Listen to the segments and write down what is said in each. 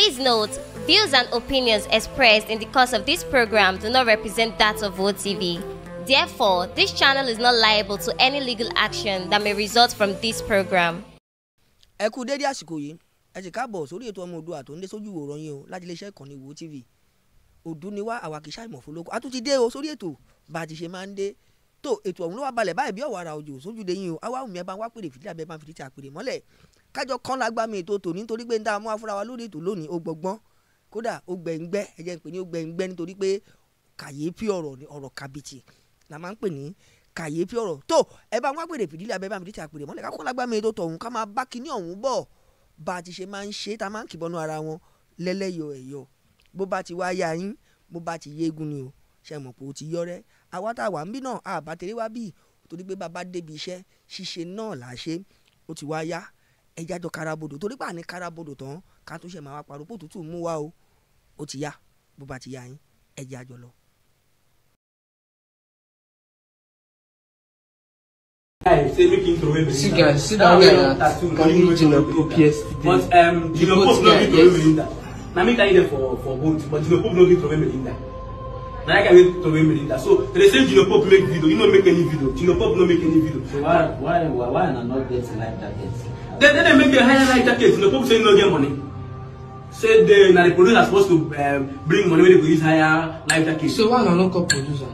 Please note, views and opinions expressed in the course of this program do not represent that of OTV. Therefore, this channel is not liable to any legal action that may result from this program. Ẹ kú dédé àsìkò yìí, ẹ sì káàbọ̀ sórí ètò ọmọ Oòduà tó ń dé sójú ìwòran yín o láti iléeṣẹ́ ìkànnì Wo TV. Òdu ni wá àwa kìí ṣàìmọ̀ fọlọ́kọ. A tún ti dé o sórí ètò bá a ti ṣe máa ń dé. Tó ètò ọ̀hún ló wá balẹ̀ báyìí bí ọ̀wọ́ ara òjò sójúde yín o. Àwa òmìnira bá wá pèrè fìdí àbẹ́ bá fìdí tí a pèrè mọ́lẹ̀ kájọ kán lágbá mi ètò tòní nítorí pé ń dá mú afúra wa lórí ètò lónìí ó gbọgbọ́n kódà ó gbẹ̀ngbẹ́ ẹ jẹ́ ń pè ní ó gbẹ̀ngbẹ́ nítorí pé kàyéfì ọ̀rọ̀ ni ọ̀rọ̀ kàbìtì la máa ń pè ní kàyéfì ọ̀rọ̀ tó ẹ bá wá pèrè fìdílé abẹ́ bá mi dìtà pèrè mọ́lẹ̀ ká kọ́ lágbá mi ètò tọ̀hún ká máa bá kinní ọ̀hún bọ̀ bá a ti ṣe máa ń ṣe tá máa ń kìbọnú ara wọn lẹ́lẹ́yọ̀ ẹ̀yọ̀ bó bá ti wá ya yín bó bá ti yégun ni o ṣe mọ̀ pé o ti yọrẹ́ àwa tá a wà ń bí náà àbátẹ̀rẹ́ wá bì torí pé bàbá débi iṣẹ́ ṣíṣe náà là á ṣe ó ti wá yá ẹja jọ karabodò torí pà ní karabodò tán ká tó ṣe máa wá parọ́ pò mú wa o ó ti yá bó ba ti yá yín ẹja jọ lọ. say make him throw See guys, see that way na only Junior Pope yesterday. But um, Junior Pope no fit throw away Belinda. me carry them for for vote, but Junior Pope no fit throw away Belinda. I I carry throw away Belinda. So they say Junior Pope make video, you no make any video. Junior Pope no make any video. So why why why why na not get like that yet? Then, then they make a higher higher case. The Pope saying no get money. Said the uh, now the producer supposed to uh, bring money when they produce higher lighter case. So why not call producer?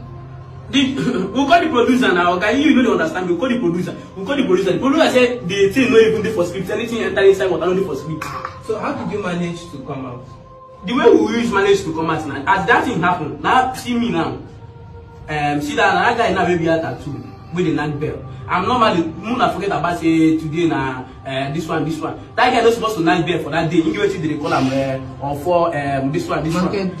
The, we call the producer now. Okay, you, you know they understand. We call the producer. We call the producer. The producer said the thing no even dey for script. Anything enter inside water no dey for script. So how did you manage to come out? The way we use manage to come out now, as that thing happen, now see me now. Um, see that another guy now wey be at tattoo wey dey knack bell. I'm normally, not forget about say today now. Eh, this one this one that guy no suppose to knack bell for that day you get wetin dey call am uh, on for eh, this one this one market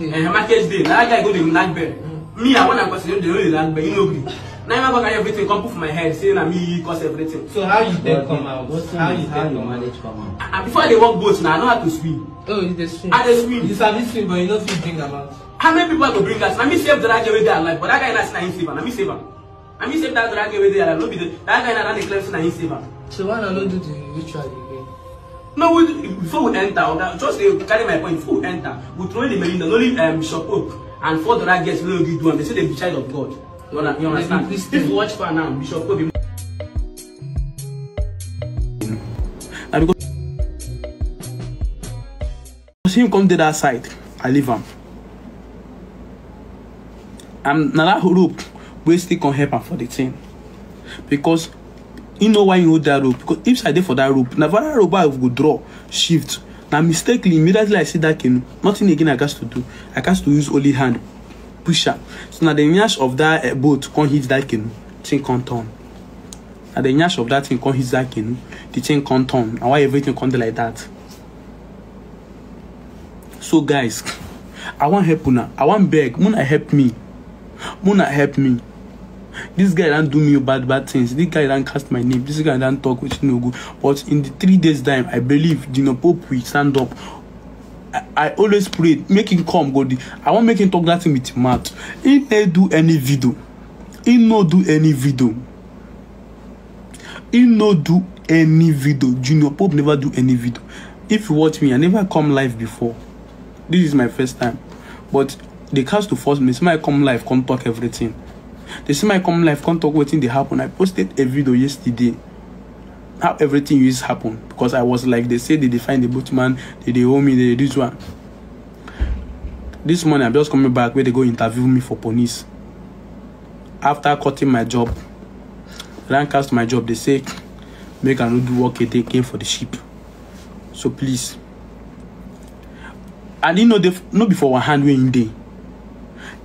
day na that guy go dey knack bell me i warn am question dey no dey knack bell you no gree na him go carry everything come put for my head say na me cause everything. so how you take come out how you take come out. ah before i dey work boat na i know how to swim. oh you dey swim i dey swim. you sabi swim but you no fit bring am out. how many people i go bring out na me save the right guy wey dey alive but that guy na say na him save am na me save am na me save that right guy wey dey alive no be the that guy na na dey claim say na him save am. So why not do the ritual again? No, we, before we enter, just uh, carry my point. Before we enter, we throw in the Melinda, only um, Bishop Oak and the other guests don't do one. They say they be child of God. You, understand? If you watch for now, Bishop Oak be. And because him come to that side, I leave him. And now that group, we still can help him for the thing. Because you know why you hold that rope because if i dey for that rope na that rope i go draw shift na mistakenly immediately i see that canoe nothing again i gats to do i gats to use only hand push am so na the nyash of that uh, boat come hit that canoe thing come turn na the nyash of that thing come hit that canoe the thing come turn na why everything come dey like that so guys i wan help una i wan beg muna help me muna help me this guy don do me bad bad things this guy don cast my name this guy don talk wetin no good but in the three days time i believe dino pope will stand up I, I always pray make him come go I wan make him talk that thing with him mouth he no do any video he no do any video he no do any video junior pope never do any video if you watch me I never come live before this is my first time but they cast to force me say so make I come live come talk everything They see my common life, can't talk waiting they happen. I posted a video yesterday how everything used happen because I was like they say they find the boatman, they they owe me, they, they this one. This morning I'm just coming back where they go interview me for police. After cutting my job, Lancaster my job, they say make I not do work they came for the sheep. So please. I didn't know they not before one hand way in day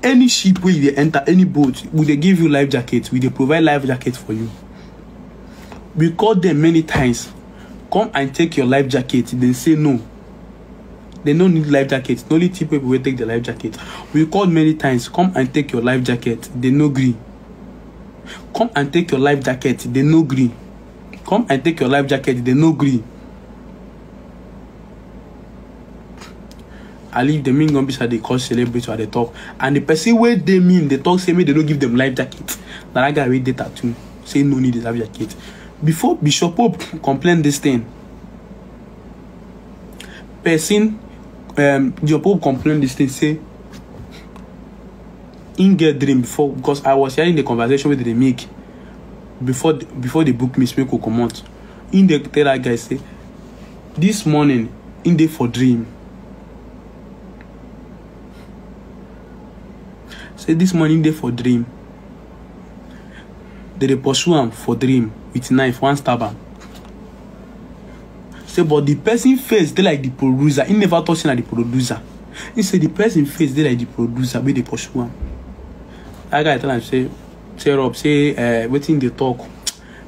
any ship where you enter any boat will they give you life jacket Will they provide life jacket for you we call them many times come and take your life jacket They say no They no need life jacket only two people will take the life jacket we called many times come and take your life jacket They no agree. come and take your life jacket They no agree. come and take your life jacket They no agree. ali if the mean gone be sha dey cause celebrity at the top and the person wey dey mean dey talk say make dem no give them life jacket na that guy wey dey tattoo say no need the life jacket before bishop pope complain this thing person um, bishop pope complain this thing say him get dream before because i was hearing the conversation wey dem dey make before the, before the book miss make we comot him dey tell that guy say this morning him dey for dream say this morning dey for dream They dey pursue am for dream with knife one stab am say but the person face dey like the producer He never talk say na the producer He say the person face dey like the producer wey dey pursue am dat guy tell am say say rob say uh, eh, wetin dey talk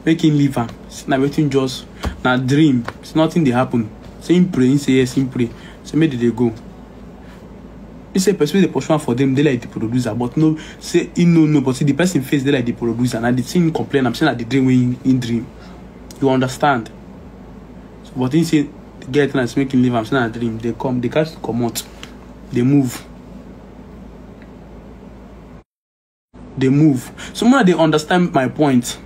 make him leave am say na wetin just na dream say nothing dey happen say him pray him say yes him pray say make dem dey go he say person wey dey pursue am for dem dey like the producer but no say he no know but see the person face dey like the producer na the thing complain am say na the dream wey he dream you understand so, but he say the girl tell am say make he leave am say na dream dey come the cat comot dey move dey move so una dey understand my point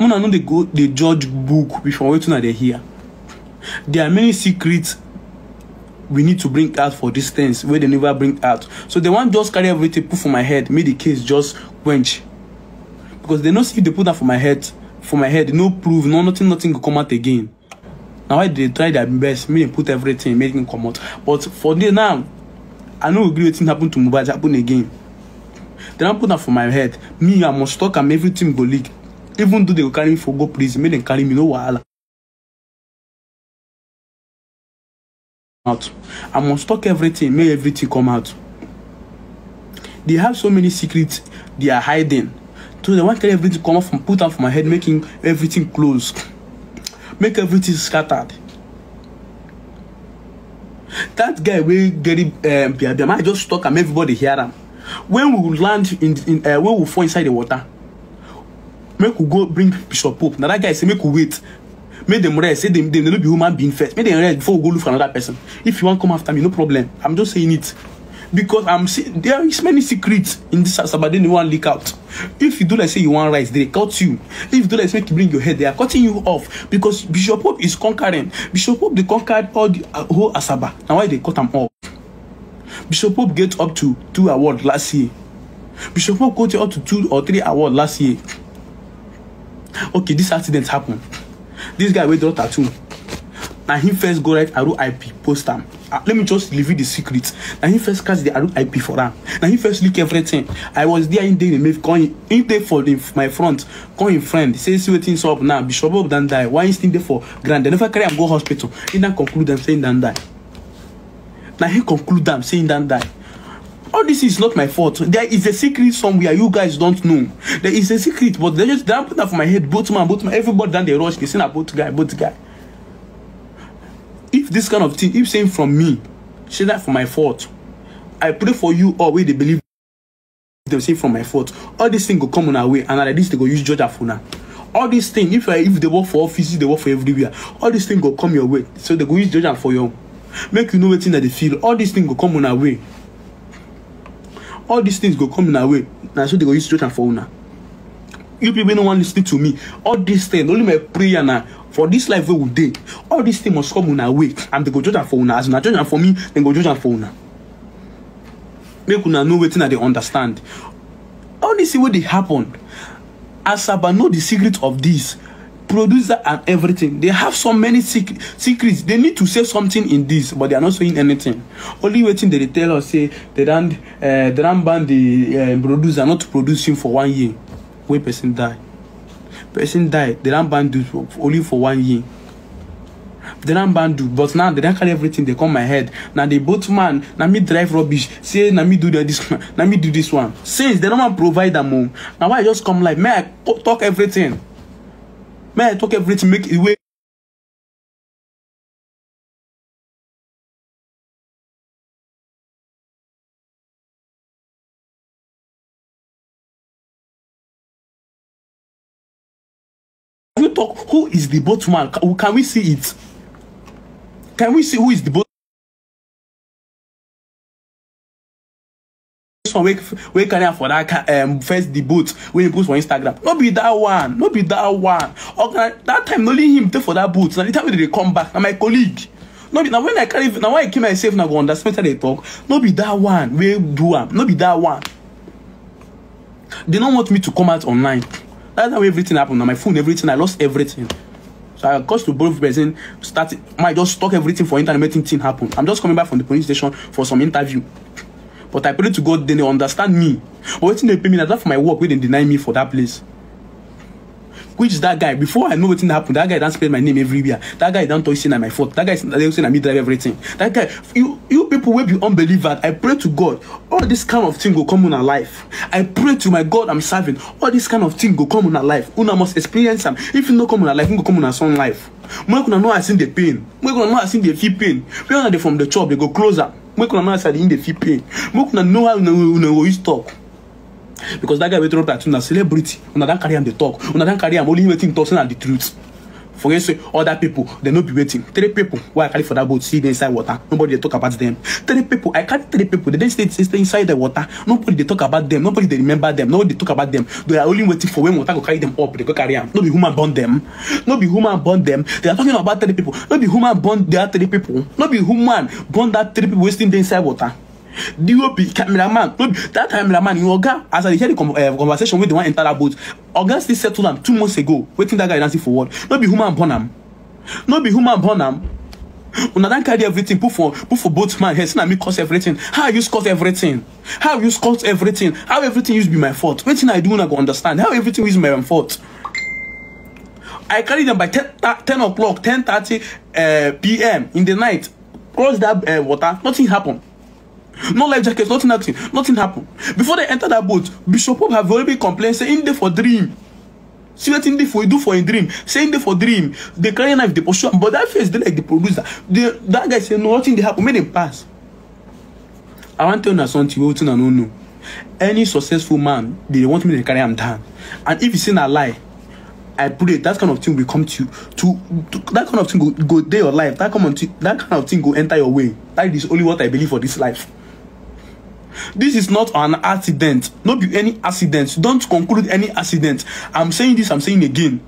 una no dey go dey judge book before wetin una dey hear there are many secrets we need to bring out for these things wey dem never bring out so dem wan just carry everything put for my head make the case just quench because dem know see if dem put am for my head for my head no proof, no nothing nothing go come out again na why dem try their best make dem put everything make dem comot but for there now i no gree wetin happen to mohbad happen again dem don put am for my head me i must talk am everything go leak even though dem go carry me for go prison make dem carry me no wahala. out. I must talk everything, make everything come out. They have so many secrets they are hiding. So they want to everything come out from put out from my head, making everything close, Make everything scattered. That guy will get it um Bia just talk and everybody hear him. When we land in, in uh, when we fall inside the water, make we go bring Bishop Pope. Now that guy say make we wait make dem rest say dem they don't be human being first make dem rest before we go look for another person if you wan come after me no problem i'm just saying it because i'm see there is many secrets in this sabade no wan leak out if you do like say you want rise they cut you if you do like say make you bring your head they are cutting you off because bishop pope is conquering bishop pope They conquered all the uh, whole asaba Now why they cut them off bishop pope get up to two awards last year bishop pope got up to two or three awards last year okay this accident happened this guy wey draw tattoo na him first go write aru ip post am uh, let me just reveal the secret na him first catch the aru ip for am na him first leak everything i was there him dey the mail come him dey for the, my front call him friend say see wetin sup now bishop bob don die why him still dey for ground dem never carry am go hospital He don conclude am say him don die na him conclude am say him don die all this is not my fault there is a secret somewhere you guys don't know there is a secret but they just they put that for my head both man both man everybody down dey rush They sing na both guy both guy if this kind of thing if saying from me say that for my fault i pray for you all wey they believe They say from my fault all this thing go come una way and at least they go use judge for now. all this thing, if I if they work for offices they work for everywhere all this thing go come your way so they go use judge for you. make you know wetin that they feel all this thing go come una way all these things go come una way na so they go use treat am for una you people don't want to lis to me all these things only my prayer now for this life we will day. all these things must come in una way and they go judge and for una as una judge and for me then go judge and for una make una know waiting that they understand all this thing they happen as saba know the secret of this producer and everything they have so many secret secrets they need to say something in this but they are not saying anything only waiting dey dey tell us say they don't uh, they don't ban the uh, producer not to produce film for one year wey person die person die they don't ban do only for one year they don't ban do but now they don't carry everything They come my head na the boatman Now me drive rubbish say now me do this Now me do this one since they don't wan provide am o oh. na why i just come like make i talk everything men talk everything make e wey. you talk who is the boatman can we see it can we see who is the boat this one wey wey carry am for that um, first debut wey he put for instagram no be that one no be that one oga that time na only him dey for that boot na the time wey dey come back na my colleague no be na when i carry na why i kill myself na go understand wetin i dey talk no be that one wey do am no be that one they no want me to come out online that's how everything happen na my phone everything i lost everything so i cause to both person start my just talk everything for internet make thing happen i'm just coming back from the police station for some interview but i pray to god then they understand me but wetin dey pay me na that for my work wey dem deny me for that place which that guy before i know wetin happen that guy don spread my name everywhere that guy don talk say na my fault that guy dey say na me drive everything that guy you you people wey be unbeliever i pray to god all this kind of thing go come una life i pray to my god i'm serving all this kind of thing go come una life una must experience am if e no come una life e go come una son life make una know as im dey pain make una know as im dey feel pain when una dey from the chop dey go close am make una man side in dey fit pain. make una know how una una go use talk because that guy wey throw that una celebrity una don carry am dey talk una don carry am only wetin talk say na the truth for instance other people they no be waiting three people why i carry for that boat See dey inside water nobody they talk about them three people i carry three people they didn't stay stay inside the water nobody they talk about them nobody they remember them nobody dey talk about them they are only waiting for when water go carry them up they go carry them. no be human born them no be human born them they are talking about three people no be human born their three people no be human born that three people wasting still inside water dop cameraman no be that cameraman im oga as i dey hear the uh, conversation wey dey wan enter that boat oga still settle am two months ago wetin that guy dancing for world no be human born am no be human born am una don carry everything put for put for both man head say na me cause everything how i use cause everything how i use cause everything how everything use be my fault wetin i do una go understand how everything use be my own fault i carry them by ten ten o'clock ten thirty eh, pm in the night cross that uh, water nothing happen no life jackets, nothing nothing nothing happen before they enter that boat bishop pope have already complain saying they for dream see wetin dey for he do for him dream Saying they for dream dey carry knife dey pursue am but that face dey like the producer the that guy say nothing they happen made him pass i wan tell una something wey know. una no any successful man they want me to carry am down and if you seen a lie I put it. that kind of thing will come to you. To, to that kind of thing go, go day your life. That come on, thing, that kind of thing go enter your way. That is only what I believe for this life this is not an accident Not be any accident don't conclude any accident i'm saying this i'm saying again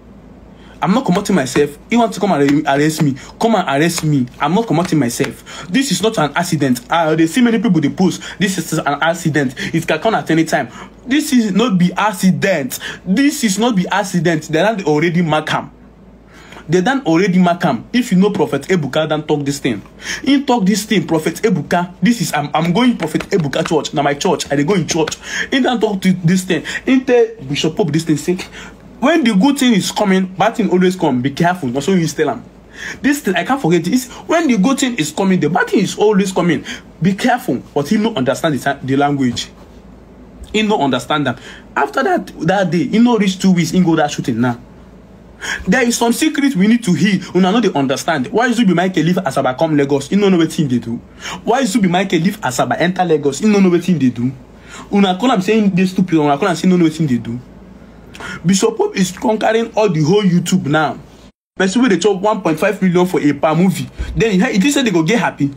i'm not commoting myself You want to come and arrest me come and arrest me i'm not commoting myself this is not an accident i dey see many people They post this is an accident it can come at any time this is not be accident this is not be accident dem already mark am they don already mark am if you know prophet ebuka don talk this thing he talk this thing prophet ebuka this is i'm i'm going prophet ebuka church na my church i dey go in church he don talk to this thing he tell bishop pope this thing say when the good thing is coming bad thing always come be careful na so he tell am this thing i can't forget is when the good thing is coming the bad thing is always coming be careful but he no understand the, the language he no understand am after that that day he no reach two weeks he go that shooting now there is some secret we need to hear. una no dey understand why zubi michael leave asaba come lagos e no know wetin e dey do why zubi michael leave asaba enter lagos e no know wetin e dey do una call am say e dey stupid una call am say e no know wetin e dey do bishop pope is conquering all the whole youtube now person wey dey chop one point five million for a per movie then you hear think say they go get happy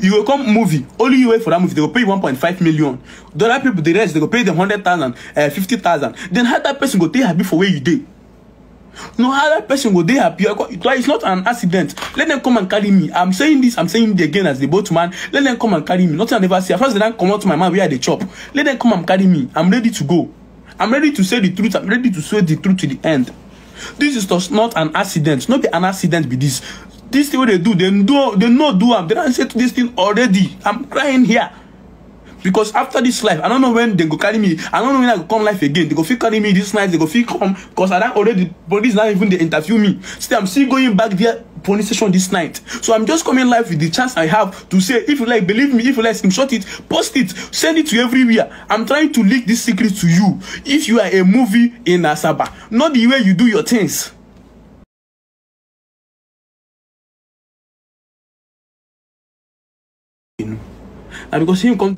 you go come movie only you wait for that movie they go pay you one point five million the other people the rest they go pay them hundred thousand eh, fifty thousand then how that person go take happy for where you dey no other person go dey happy it's not an accident let them come and carry me i'm saying this i'm saying it again as the boatman let them come and carry me nothing i never see at first they don comot my mind where i dey chop let them come and carry me i'm ready to go i'm ready to say the truth i'm ready to say the truth to the end this is just not an accident no be an accident be this this thing wey dey do they do. they no do am they don say this thing already i'm crying here because after this life i don't know when they go carry me i don't know when i go come life again they go fit carry me this night they go fit come because i don already police don even dey interview me still i'm still going back there police station this night so i'm just coming live with the chance i have to say if you like believe me if you like screenshot it post it send it to everywhere i'm trying to leak this secret to you if you are a movie in asaba not the way you do your things. na because him come.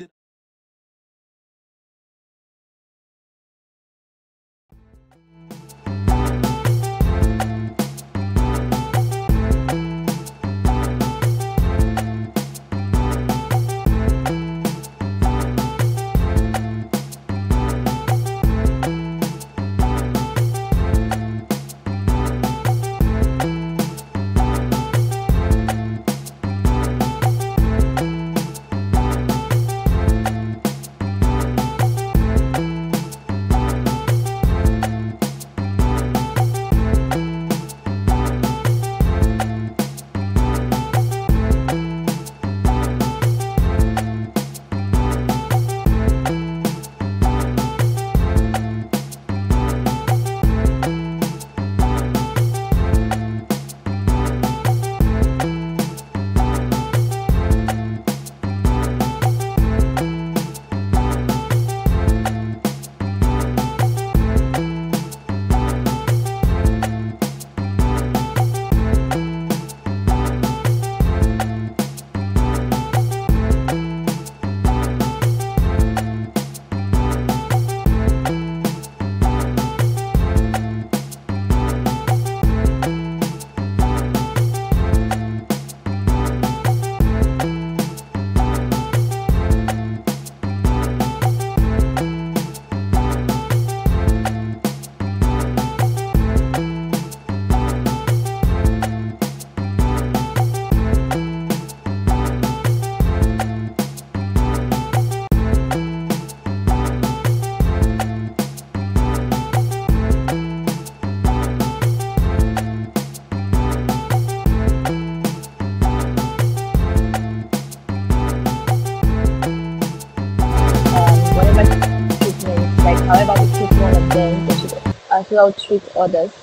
Cloud treat others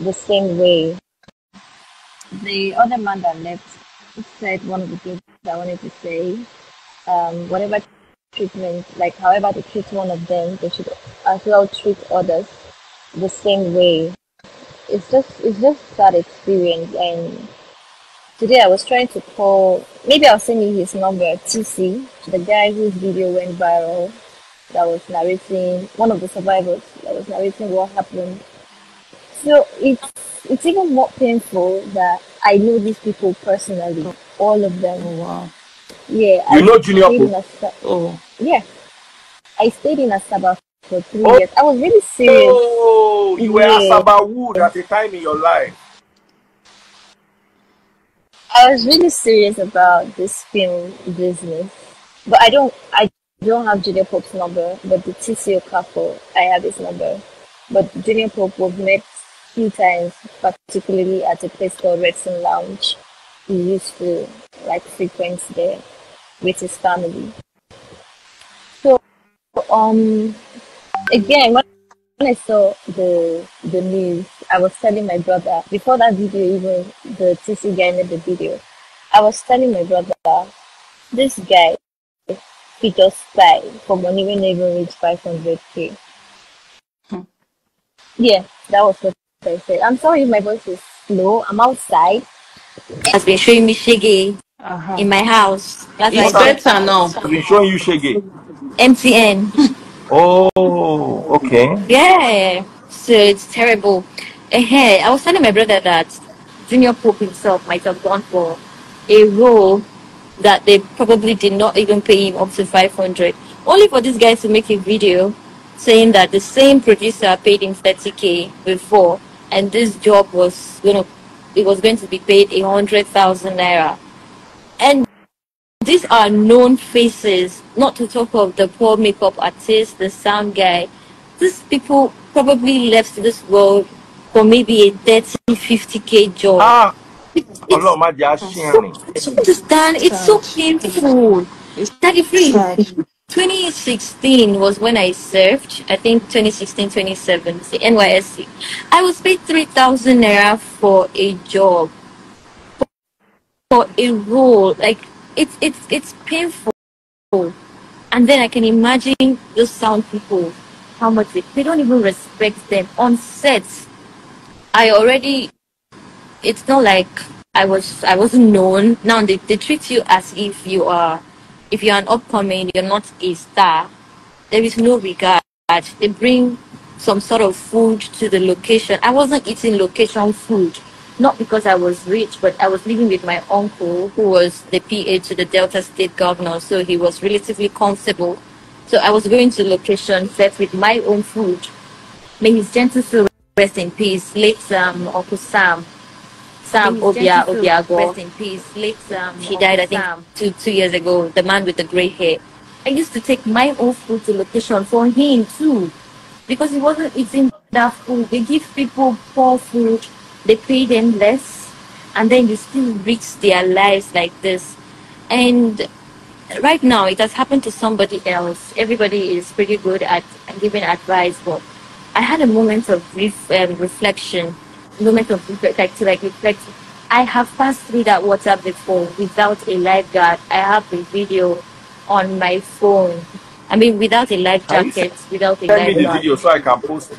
the same way. The other man that left said one of the things I wanted to say. Um, whatever treatment, like however they treat one of them, they should as well treat others the same way. It's just it's just that experience and today I was trying to call maybe I'll send you his number, TC, the guy whose video went viral that was narrating one of the survivors that was narrating what happened. So it's it's even more painful that I know these people personally, all of them. Oh, wow. Yeah. You I know Junior. oh. Yeah. I stayed in Asaba for three oh. years. I was really serious. Oh, you were yeah. Asaba Wood at a time in your life. I was really serious about this film business, but I don't. I I don't have Junior Pope's number, but the TCO couple, I have his number. But Junior Pope, we've met few times, particularly at a place called Redson Lounge. He used to like frequent there with his family. So, um, again, when I saw the the news, I was telling my brother before that video, even the TC guy made the video. I was telling my brother, this guy it just stay for money when they even reach 500k. Hmm. Yeah, that was what I said. I'm sorry if my voice is slow. I'm outside. Has been showing me Shege uh-huh. in my house. That's it's better now. It's been showing you Shege. MTN. oh, okay. Yeah, so it's terrible. Hey, I was telling my brother that Junior Pope himself might have gone for a role that they probably did not even pay him up to 500 only for these guys to make a video saying that the same producer paid him 30k before and this job was you know it was going to be paid a hundred thousand naira and these are known faces not to talk of the poor makeup artist the sound guy these people probably left this world for maybe a 30 50k job ah no, my dear àṣìrìn. Dan, it's so painful. free. 2016 was when I served, I think 2016, 2017. the NYSC. I was paid 3,000 Naira for a job, for a role. Like, it's, it's, it's painful. And then I can imagine those sound people, how much they, they don't even respect them on sets. I already it's not like I was I wasn't known. Now they, they treat you as if you are if you're an upcoming, you're not a star. There is no regard. They bring some sort of food to the location. I wasn't eating location food, not because I was rich, but I was living with my uncle who was the PA to the Delta State governor, so he was relatively comfortable. So I was going to location set with my own food. May his gentle soul rest in peace. Late um, Uncle Sam Sam Obia Obiago. Rest in peace. Late Sam. He died, I think, Sam. two, two years ago. The man with the grey hair. I used to take my own food to location for him too, because he wasn't eating that food. They give people poor food, they pay them less, and then you still reach their lives like this. And right now, it has happened to somebody else. Everybody is pretty good at giving advice, but I had a moment of ref- um, reflection moment of reflection, like reflection, I have passed through that water before without a lifeguard. I have a video on my phone. I mean, without a life jacket, without a lifeguard. Send me the video so I can post it.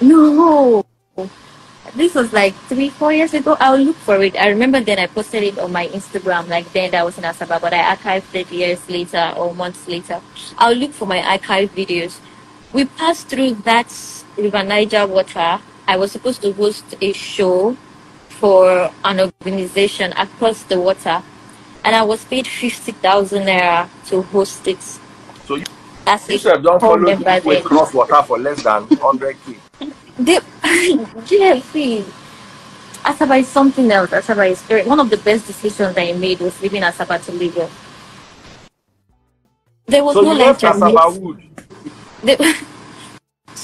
No, this was like three, four years ago. I'll look for it. I remember then I posted it on my Instagram. Like then that was in Asaba, but I archived it years later or months later. I'll look for my archived videos. We passed through that River Niger water I was supposed to host a show for an organization across the water, and I was paid fifty thousand naira to host it. So you, you should have done following this way cross water for less than hundred k. The GFP. Asaba is something else. Asaba is very, one of the best decisions that I made was leaving Asaba to live here. There was so no left Asaba wood.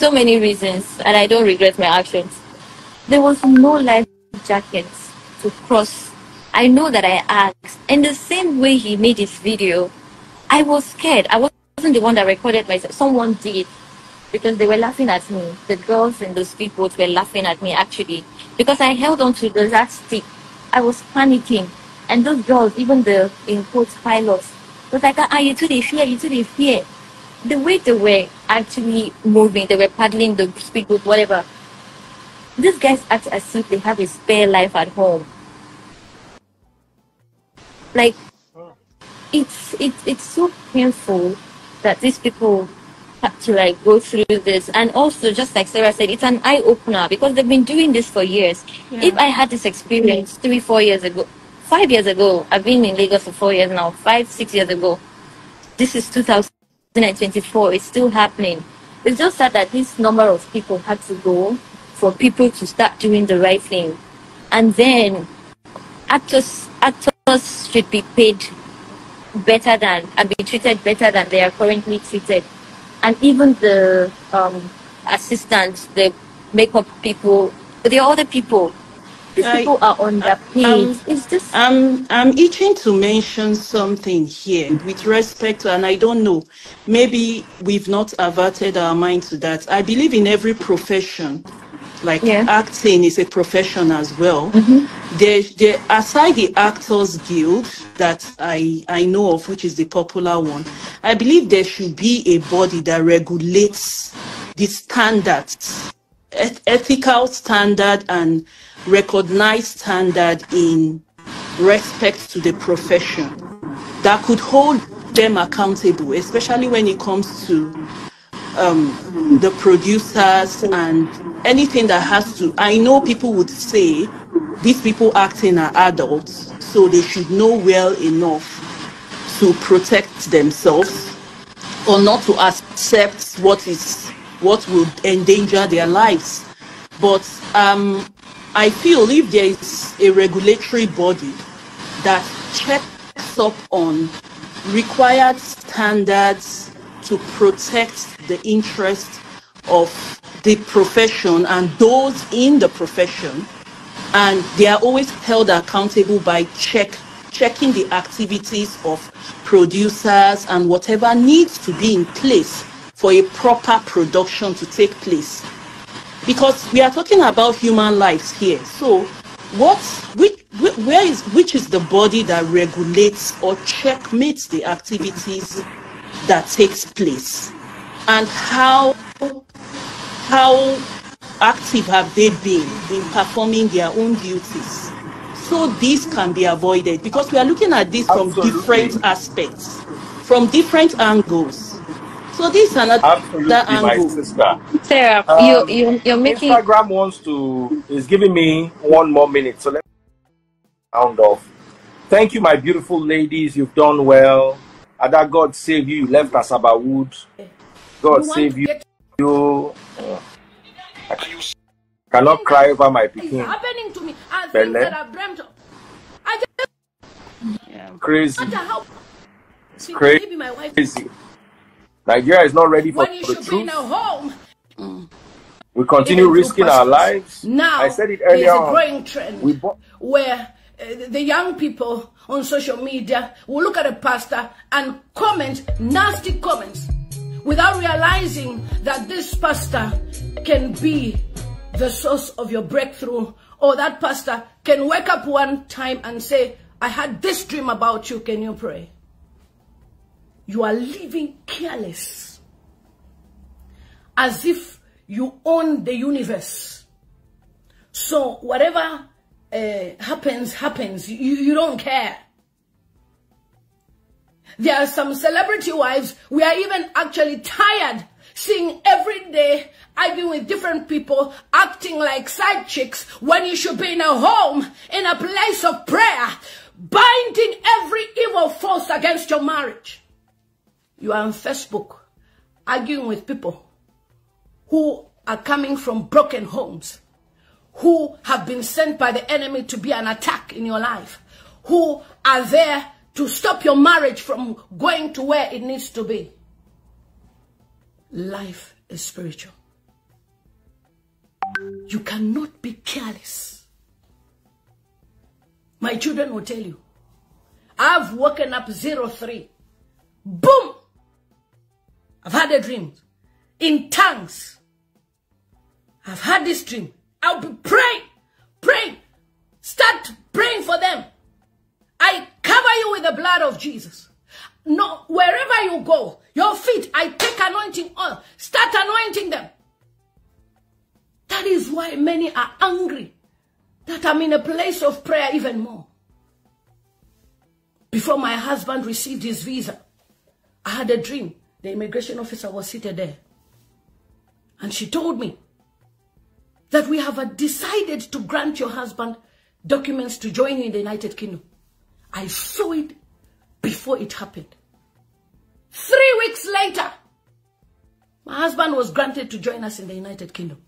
so many reasons, and I don't regret my actions. There was no life jackets to cross. I know that I asked. And the same way he made his video, I was scared. I wasn't the one that recorded myself. Someone did because they were laughing at me. The girls in the people were laughing at me actually because I held on to the last stick. I was panicking. And those girls, even the in quotes pilots, was like, ah, ah you too, they fear, you too, they fear the way they were actually moving, they were paddling the speedboat, whatever, these guys act as if they have a spare life at home. Like, it's, it's, it's so painful that these people have to like go through this. And also, just like Sarah said, it's an eye opener because they've been doing this for years. Yeah. If I had this experience three, four years ago, five years ago, I've been in Lagos for four years now, five, six years ago, this is 2000 2024 is still happening. It's just sad that this number of people had to go for people to start doing the right thing. And then actors actors should be paid better than and be treated better than they are currently treated. And even the um, assistants, the makeup people, the other people, people are on their um, um, page. Um, Is this? I'm I'm itching to mention something here with respect to, and I don't know, maybe we've not averted our mind to that. I believe in every profession like yeah. acting is a profession as well. Mm-hmm. There, there, aside the Actors Guild that I, I know of, which is the popular one, I believe there should be a body that regulates the standards ethical standard and recognized standard in respect to the profession that could hold them accountable, especially when it comes to um, the producers and anything that has to. I know people would say these people acting are adults, so they should know well enough to protect themselves or not to accept what is what would endanger their lives. But um, I feel if there is a regulatory body that checks up on required standards to protect the interest of the profession and those in the profession, and they are always held accountable by check checking the activities of producers and whatever needs to be in place for a proper production to take place. Because we are talking about human lives here. So what which where is which is the body that regulates or checkmates the activities that takes place and how how active have they been in performing their own duties so this can be avoided because we are looking at this from Absolutely. different aspects from different angles so this is another Absolutely, angle. my sister. Sarah, um, you, you, you're making... Instagram wants to... is giving me one more minute, so let me round off. Thank you, my beautiful ladies. You've done well. And that God save you. You left us about wood. God you save you. Get... You... Uh, cannot cry over my picking. happening to me. I things that I've dreamt of. I just... Yeah. Crazy. How... It's crazy. Crazy. Nigeria is not ready for the truth. No mm. We continue risking our lives. Now, I said it earlier. There's a growing trend where uh, the young people on social media will look at a pastor and comment nasty comments without realizing that this pastor can be the source of your breakthrough or that pastor can wake up one time and say, I had this dream about you. Can you pray? you are living careless as if you own the universe. So whatever uh, happens, happens. You, you don't care. There are some celebrity wives. We are even actually tired seeing every day arguing with different people, acting like side chicks when you should be in a home, in a place of prayer, binding every evil force against your marriage you are on Facebook arguing with people who are coming from broken homes, who have been sent by the enemy to be an attack in your life, who are there to stop your marriage from going to where it needs to be. Life is spiritual. You cannot be careless. My children will tell you. I've woken up zero three. Boom! I've had a dream in tongues. I've had this dream. I'll be praying, praying. Start praying for them. I cover you with the blood of Jesus. No, wherever you go, your feet, I take anointing oil. Start anointing them. That is why many are angry that I'm in a place of prayer even more. Before my husband received his visa, I had a dream the immigration officer was seated there. And she told me that we have decided to grant your husband documents to join you in the United Kingdom. I saw it before it happened. Three weeks later, my husband was granted to join us in the United Kingdom.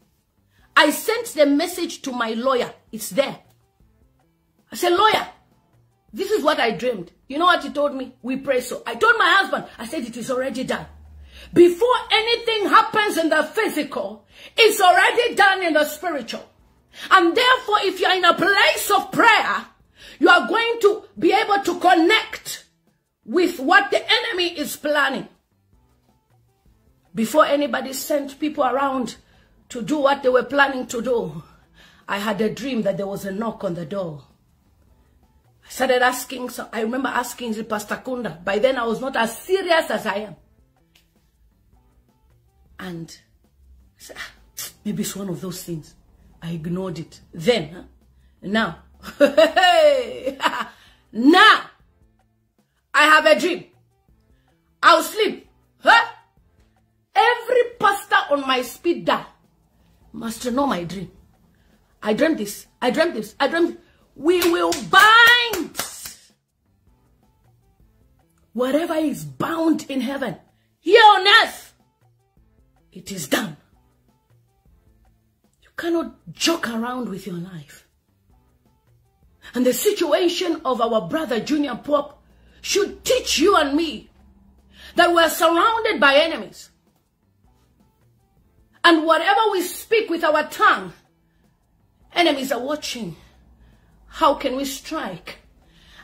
I sent the message to my lawyer. It's there. I said, lawyer, this is what I dreamed. You know what he told me? We pray so. I told my husband, I said, it is already done. Before anything happens in the physical, it's already done in the spiritual. And therefore, if you're in a place of prayer, you are going to be able to connect with what the enemy is planning. Before anybody sent people around to do what they were planning to do, I had a dream that there was a knock on the door started asking, so I remember asking the Pastor Kunda. By then I was not as serious as I am. And I said, ah, maybe it's one of those things. I ignored it. Then, huh? now, now, I have a dream. I'll sleep. Huh? Every pastor on my speed dial must know my dream. I dreamt this. I dreamt this. I dreamt. We will buy whatever is bound in heaven, here on earth, it is done. You cannot joke around with your life. And the situation of our brother Junior Pope should teach you and me that we're surrounded by enemies. And whatever we speak with our tongue, enemies are watching. How can we strike?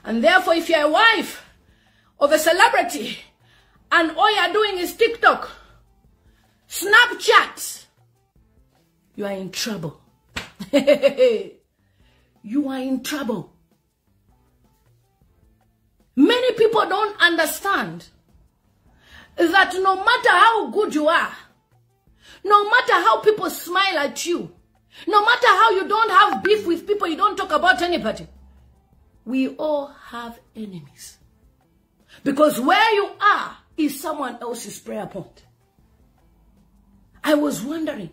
And therefore, if you're a wife, of a celebrity and all you're doing is TikTok, Snapchat, you are in trouble. you are in trouble. Many people don't understand that no matter how good you are, no matter how people smile at you, no matter how you don't have beef with people, you don't talk about anybody. We all have enemies. Because where you are is someone else's prayer point. I was wondering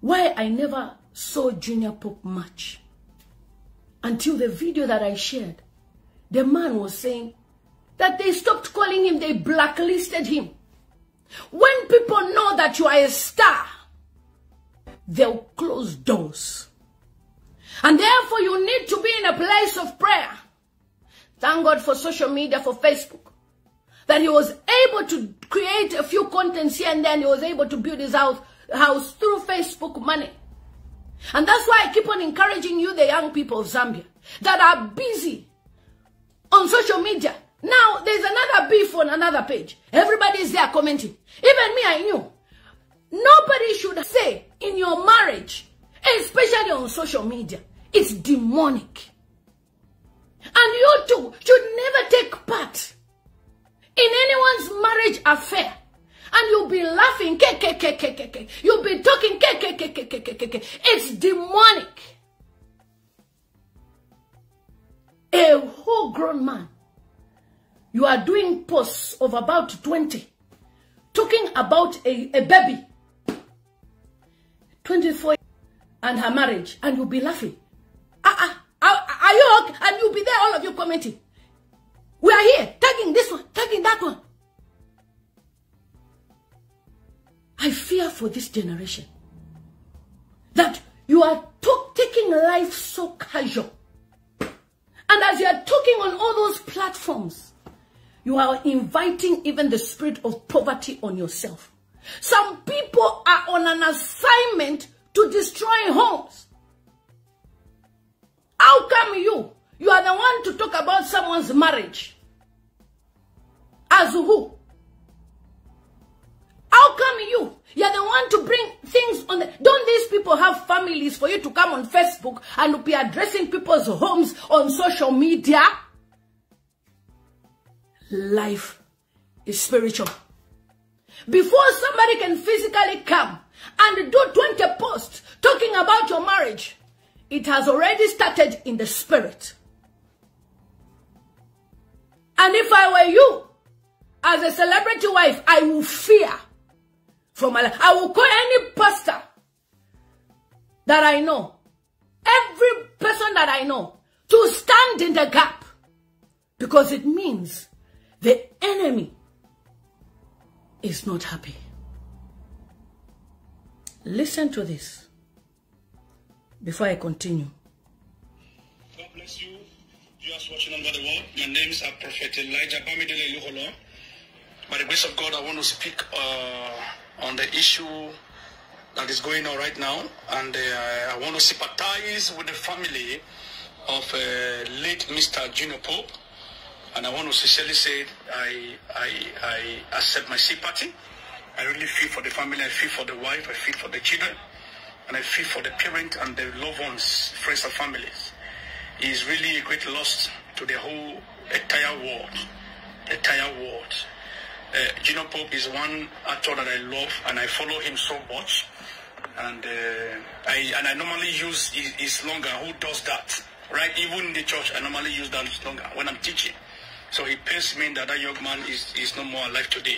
why I never saw Junior Pope much until the video that I shared. The man was saying that they stopped calling him, they blacklisted him. When people know that you are a star, they'll close doors. And therefore you need to be in a place of prayer. Thank God for social media, for Facebook. That he was able to create a few contents here and then. He was able to build his house, house through Facebook money. And that's why I keep on encouraging you, the young people of Zambia, that are busy on social media. Now, there's another beef on another page. Everybody's there commenting. Even me, I knew. Nobody should say in your marriage, especially on social media, it's demonic. And you two should never take part in anyone's marriage affair. And you'll be laughing, ke, ke, ke, ke, ke, ke. you'll be talking, ke, ke, ke, ke, ke, ke, ke, ke. it's demonic. A whole grown man, you are doing posts of about 20, talking about a, a baby, 24 and her marriage, and you'll be laughing. Ah, uh ah. -uh will be there, all of you commenting. We are here, tagging this one, tagging that one. I fear for this generation that you are taking life so casual. And as you are talking on all those platforms, you are inviting even the spirit of poverty on yourself. Some people are on an assignment to destroy homes. How come you you are the one to talk about someone's marriage. As who? How come you? You're the one to bring things on. The, don't these people have families for you to come on Facebook and be addressing people's homes on social media? Life is spiritual. Before somebody can physically come and do 20 posts talking about your marriage, it has already started in the spirit. And if I were you, as a celebrity wife, I will fear for my life. I will call any pastor that I know, every person that I know, to stand in the gap. Because it means the enemy is not happy. Listen to this before I continue. God bless you viewers watching over the world. My name is Prophet Elijah Bamidele Luholo. By the grace of God, I want to speak uh, on the issue that is going on right now. And uh, I want to sympathize with the family of uh, late Mr. Juno Pope. And I want to sincerely say I, I, I accept my sympathy. I really feel for the family. I feel for the wife. I feel for the children. And I feel for the parents and the loved ones, friends and families is really a great loss to the whole entire world. Entire world. Uh, Gino Pope is one actor that I love and I follow him so much. And uh, I and I normally use his, longer. Who does that? Right? Even in the church, I normally use that longer when I'm teaching. So he pains me that that young man is, is no more alive today.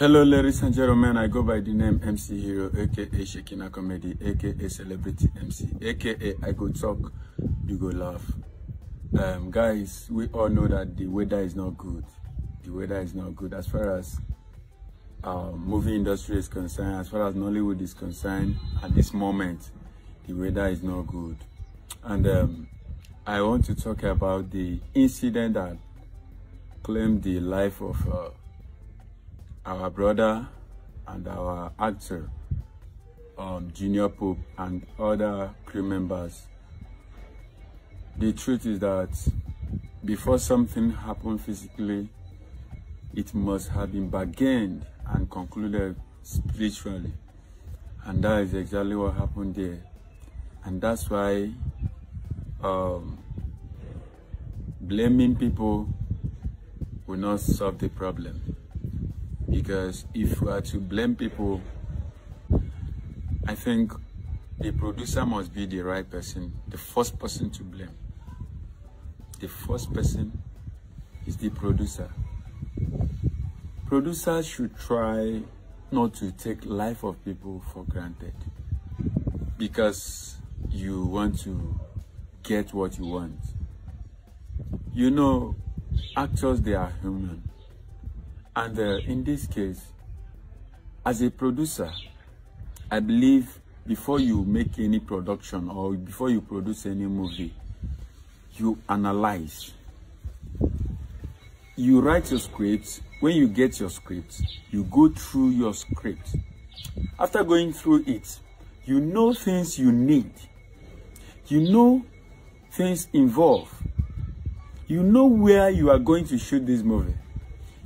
Hello, ladies and gentlemen. I go by the name MC Hero, aka Shekina Comedy, aka Celebrity MC, aka I go talk, you go laugh. Um, guys, we all know that the weather is not good. The weather is not good as far as our um, movie industry is concerned, as far as Nollywood is concerned. At this moment, the weather is not good, and um, I want to talk about the incident that claimed the life of. Uh, our brother and our actor, um, Junior Pope and other crew members. The truth is that before something happened physically, it must have been bargained and concluded spiritually. And that is exactly what happened there. And that's why um, blaming people will not solve the problem because if we are to blame people, I think the producer must be the right person, the first person to blame. The first person is the producer. Producers should try not to take life of people for granted because you want to get what you want. You know, actors, they are human. And uh, in this case, as a producer, I believe before you make any production or before you produce any movie, you analyze. You write your script. When you get your script, you go through your script. After going through it, you know things you need. You know things involved. You know where you are going to shoot this movie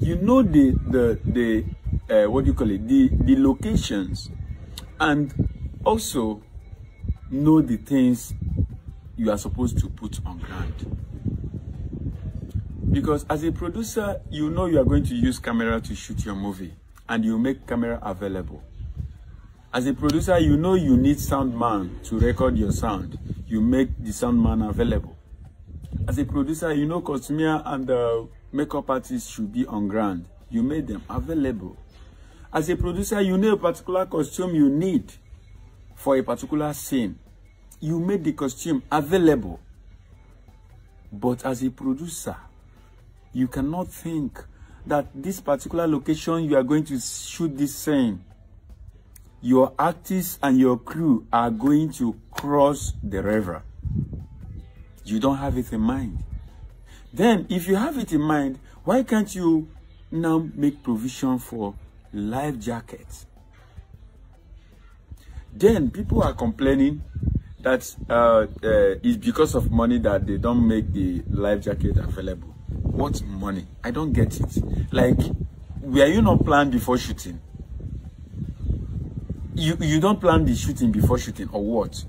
you know the the the uh, what do you call it the the locations and also know the things you are supposed to put on ground because as a producer you know you are going to use camera to shoot your movie and you make camera available as a producer you know you need sound man to record your sound you make the sound man available as a producer you know costumier and uh, makeup artists should be on ground. You made them available. As a producer, you know a particular costume you need for a particular scene. You made the costume available. But as a producer, you cannot think that this particular location you are going to shoot this scene, your artists and your crew are going to cross the river. You don't have it in mind. Then, if you have it in mind, why can't you now make provision for life jackets? Then people are complaining that uh, uh, it's because of money that they don't make the life jacket available. What money? I don't get it. Like, were you not planned before shooting? You you don't plan the shooting before shooting or what?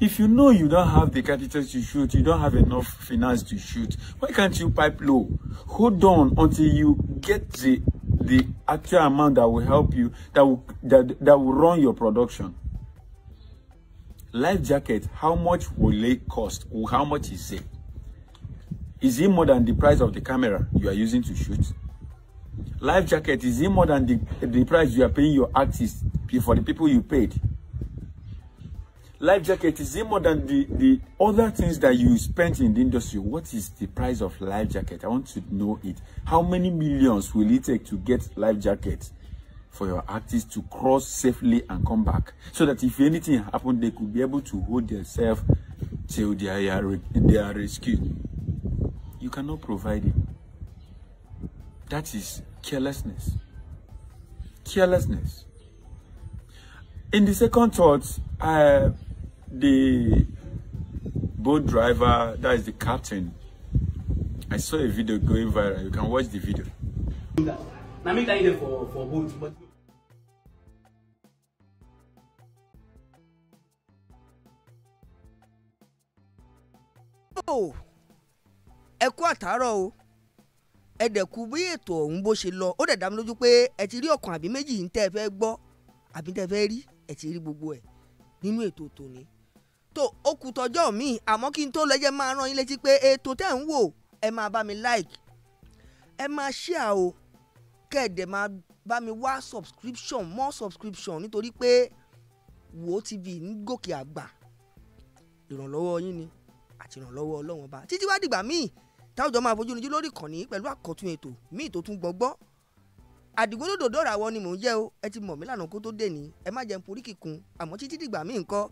If you know you don't have the capital to shoot, you don't have enough finance to shoot, why can't you pipe low? Hold on until you get the the actual amount that will help you, that will that, that will run your production. Life jacket, how much will it cost? Or how much is it? Is it more than the price of the camera you are using to shoot? Life jacket, is it more than the, the price you are paying your artist for the people you paid? life jacket is it more than the the other things that you spent in the industry what is the price of life jacket i want to know it how many millions will it take to get life jacket for your artists to cross safely and come back so that if anything happened they could be able to hold themselves till they are they are rescued you cannot provide it that is carelessness carelessness in the second thought uh, the boat driver, that is the captain, I saw a video going viral. You can watch the video. Now make for, for boat, but ẹ kú àtàárọ̀ o ẹ dẹ̀kú bí ètò ọ̀hún bó ṣe lọ ó dẹ̀ dá mi lójú pé ẹ ti rí ọ̀kan àbí méjì ń tẹ́ ẹ fẹ́ gbọ́ àbí tẹ́ ẹ fẹ́ rí ẹ ti rí gbogbo ẹ̀ nínú ètò tòní tó ó kù tọjọ́ mi àmọ́ kí n tó lọ́jẹ́ máa rán yín létí pé ètò tẹ́ ń wò ẹ máa bá mi like ẹ máa share o kẹ́ẹ̀dẹ̀ máa bá mi wá subscription more subscription nítorí pé wo tv ń gòkè àgbà ìrànlọ́wọ́ yín ni àti ìrànlọ́wọ́ ọlọ́run ọba títí wá dìgbà míì táwùjọ máa fojú níjú lórí ìkànnì pẹ̀lú àkọ́tún ètò míì tó tún gbọ́ngbọ́n àdìgúndòdò dọ́ra wọ ni mò ń jẹ́ o ẹ ti mọ̀ mí lànà kó tó dé ní ẹ má jẹun porí àmọ́ títí dìgbà míì ńkọ́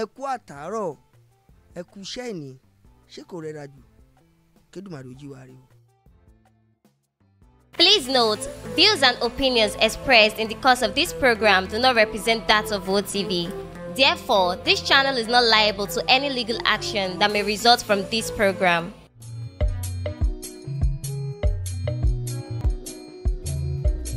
ẹ kú àtàárọ̀ ẹ ìní ṣé kò rẹra jù kédùmarè ó o. Please note, views and opinions expressed in the course of this program do not represent that of OTV. Therefore, this channel is not liable to any legal action that may result from this program.